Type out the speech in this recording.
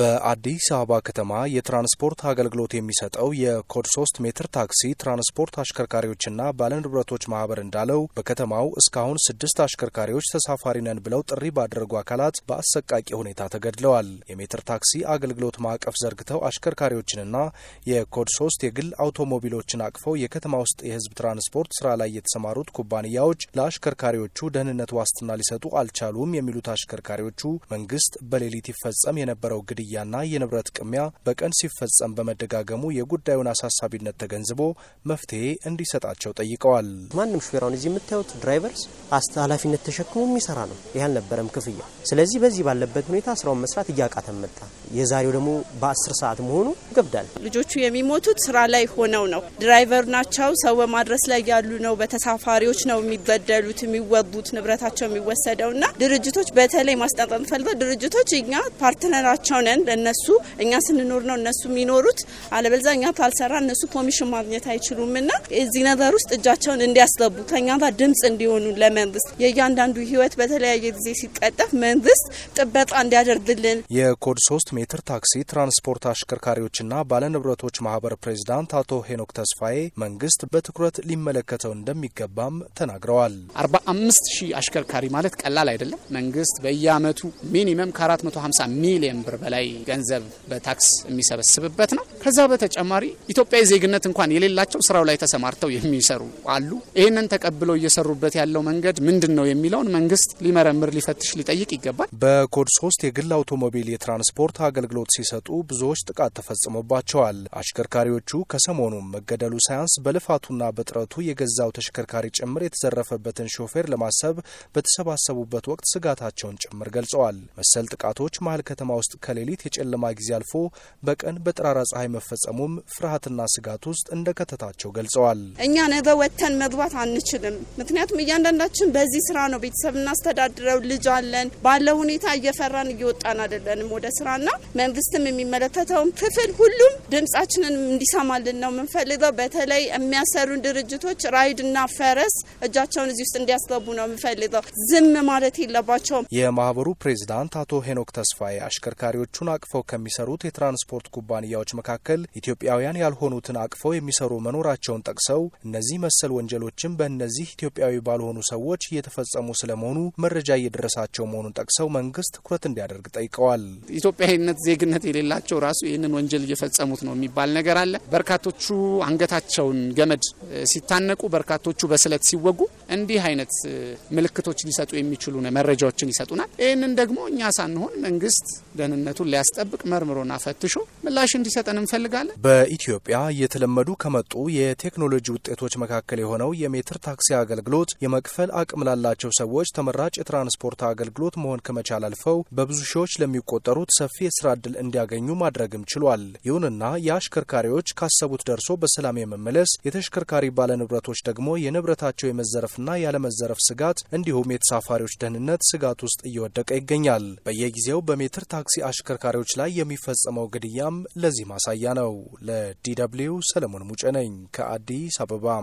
በአዲስ አበባ ከተማ የትራንስፖርት አገልግሎት የሚሰጠው የኮድ 3 ሜትር ታክሲ ትራንስፖርት አሽከርካሪዎችና ባለንብረቶች ማህበር እንዳለው በከተማው እስካሁን ስድስት አሽከርካሪዎች ተሳፋሪ ነን ብለው ጥሪ ባደረጉ አካላት በአሰቃቂ ሁኔታ ተገድለዋል። የሜትር ታክሲ አገልግሎት ማዕቀፍ ዘርግተው አሽከርካሪዎችንና የኮድ 3 የግል አውቶሞቢሎችን አቅፈው የከተማ ውስጥ የህዝብ ትራንስፖርት ስራ ላይ የተሰማሩት ኩባንያዎች ለአሽከርካሪዎቹ ደህንነት ዋስትና ሊሰጡ አልቻሉም የሚሉት አሽከርካሪዎቹ መንግስት በሌሊት ይፈጸም የነበረው ግድያ ግድያና የንብረት ቅሚያ በቀን ሲፈጸም በመደጋገሙ የጉዳዩን አሳሳቢነት ተገንዝቦ መፍትሄ እንዲሰጣቸው ጠይቀዋል። ማንም ሹፌር እዚህ የምታዩት ድራይቨርስ ኃላፊነት ተሸክሞ የሚሰራ ነው። ይህ አልነበረም ክፍያ። ስለዚህ በዚህ ባለበት ሁኔታ ስራውን መስራት እያቃተን መጣ። የዛሬው ደግሞ በአስር ሰዓት መሆኑ ይገብዳል። ልጆቹ የሚሞቱት ስራ ላይ ሆነው ነው። ድራይቨር ናቸው፣ ሰው በማድረስ ላይ ያሉ ነው። በተሳፋሪዎች ነው የሚበደሉት፣ የሚወጉት፣ ንብረታቸው የሚወሰደውና ድርጅቶች በተለይ ማስጠንቀቅ ፈልገው ድርጅቶች እኛ ፓርትነራቸው ነን ሄደን ለነሱ እኛ ስንኖር ነው እነሱ የሚኖሩት። አለበለዚያ እኛ ታልሰራ እነሱ ኮሚሽን ማግኘት አይችሉም ና እዚህ ነገር ውስጥ እጃቸውን እንዲያስገቡ ከኛ ጋር ድምጽ እንዲሆኑ ለመንግስት የእያንዳንዱ ህይወት በተለያየ ጊዜ ሲቀጠፍ መንግስት ጥበቃ እንዲያደርግልን የኮድ ሶስት ሜትር ታክሲ ትራንስፖርት አሽከርካሪዎችና ባለንብረቶች ማህበር ፕሬዚዳንት አቶ ሄኖክ ተስፋዬ መንግስት በትኩረት ሊመለከተው እንደሚገባም ተናግረዋል። 45 ሺህ አሽከርካሪ ማለት ቀላል አይደለም። መንግስት በየአመቱ ሚኒመም ከ450 ሚሊየን ብር በላይ ተጨማሪ ገንዘብ በታክስ የሚሰበስብበት ነው። ከዛ በተጨማሪ ኢትዮጵያዊ ዜግነት እንኳን የሌላቸው ስራው ላይ ተሰማርተው የሚሰሩ አሉ። ይህንን ተቀብለው እየሰሩበት ያለው መንገድ ምንድን ነው የሚለውን መንግስት ሊመረምር፣ ሊፈትሽ፣ ሊጠይቅ ይገባል። በኮድ ሶስት የግል አውቶሞቢል የትራንስፖርት አገልግሎት ሲሰጡ ብዙዎች ጥቃት ተፈጽሞባቸዋል። አሽከርካሪዎቹ ከሰሞኑ መገደሉ ሳያንስ በልፋቱና በጥረቱ የገዛው ተሽከርካሪ ጭምር የተዘረፈበትን ሾፌር ለማሰብ በተሰባሰቡበት ወቅት ስጋታቸውን ጭምር ገልጸዋል። መሰል ጥቃቶች መሀል ከተማ ውስጥ ከሌሊት ሌሊት የጨለማ ጊዜ አልፎ በቀን በጠራራ ፀሐይ መፈጸሙም ፍርሃትና ስጋት ውስጥ እንደከተታቸው ገልጸዋል። እኛ ነገ ወጥተን መግባት አንችልም። ምክንያቱም እያንዳንዳችን በዚህ ስራ ነው ቤተሰብ እናስተዳድረው፣ ልጅ አለን። ባለ ሁኔታ እየፈራን እየወጣን አይደለንም ወደ ስራና መንግስትም የሚመለከተውም ክፍል ሁሉም ድምጻችንን እንዲሰማልን ነው የምንፈልገው። በተለይ የሚያሰሩን ድርጅቶች ራይድና ፈረስ እጃቸውን እዚህ ውስጥ እንዲያስገቡ ነው የምንፈልገው። ዝም ማለት የለባቸውም። የማህበሩ ፕሬዚዳንት አቶ ሄኖክ ተስፋዬ አሽከርካሪዎቹ ሀገሪቱን አቅፈው ከሚሰሩት የትራንስፖርት ኩባንያዎች መካከል ኢትዮጵያውያን ያልሆኑትን አቅፈው የሚሰሩ መኖራቸውን ጠቅሰው እነዚህ መሰል ወንጀሎችም በእነዚህ ኢትዮጵያዊ ባልሆኑ ሰዎች እየተፈጸሙ ስለመሆኑ መረጃ እየደረሳቸው መሆኑን ጠቅሰው መንግስት ትኩረት እንዲያደርግ ጠይቀዋል። ኢትዮጵያዊነት ዜግነት የሌላቸው ራሱ ይህንን ወንጀል እየፈጸሙት ነው የሚባል ነገር አለ። በርካቶቹ አንገታቸውን ገመድ ሲታነቁ፣ በርካቶቹ በስለት ሲወጉ እንዲህ አይነት ምልክቶች ሊሰጡ የሚችሉ መረጃዎችን ይሰጡናል። ይህንን ደግሞ እኛ ሳንሆን መንግስት ደህንነቱን ሊያስጠብቅ መርምሮና ፈትሾ ምላሽ እንዲሰጠን እንፈልጋለን። በኢትዮጵያ እየተለመዱ ከመጡ የቴክኖሎጂ ውጤቶች መካከል የሆነው የሜትር ታክሲ አገልግሎት የመክፈል አቅም ላላቸው ሰዎች ተመራጭ የትራንስፖርት አገልግሎት መሆን ከመቻል አልፈው በብዙ ሺዎች ለሚቆጠሩት ሰፊ የስራ እድል እንዲያገኙ ማድረግም ችሏል። ይሁንና የአሽከርካሪዎች ካሰቡት ደርሶ በሰላም የመመለስ የተሽከርካሪ ባለንብረቶች ደግሞ የንብረታቸው የመዘረፍና ያለመዘረፍ ስጋት እንዲሁም የተሳፋሪዎች ደህንነት ስጋት ውስጥ እየወደቀ ይገኛል። በየጊዜው በሜትር ታክሲ አሽከርካሪዎች ላይ የሚፈጸመው ግድያም ለዚህ ማሳያ ነው። ለዲ ደብልዩ ሰለሞን ሙጬ ነኝ ከአዲስ አበባ።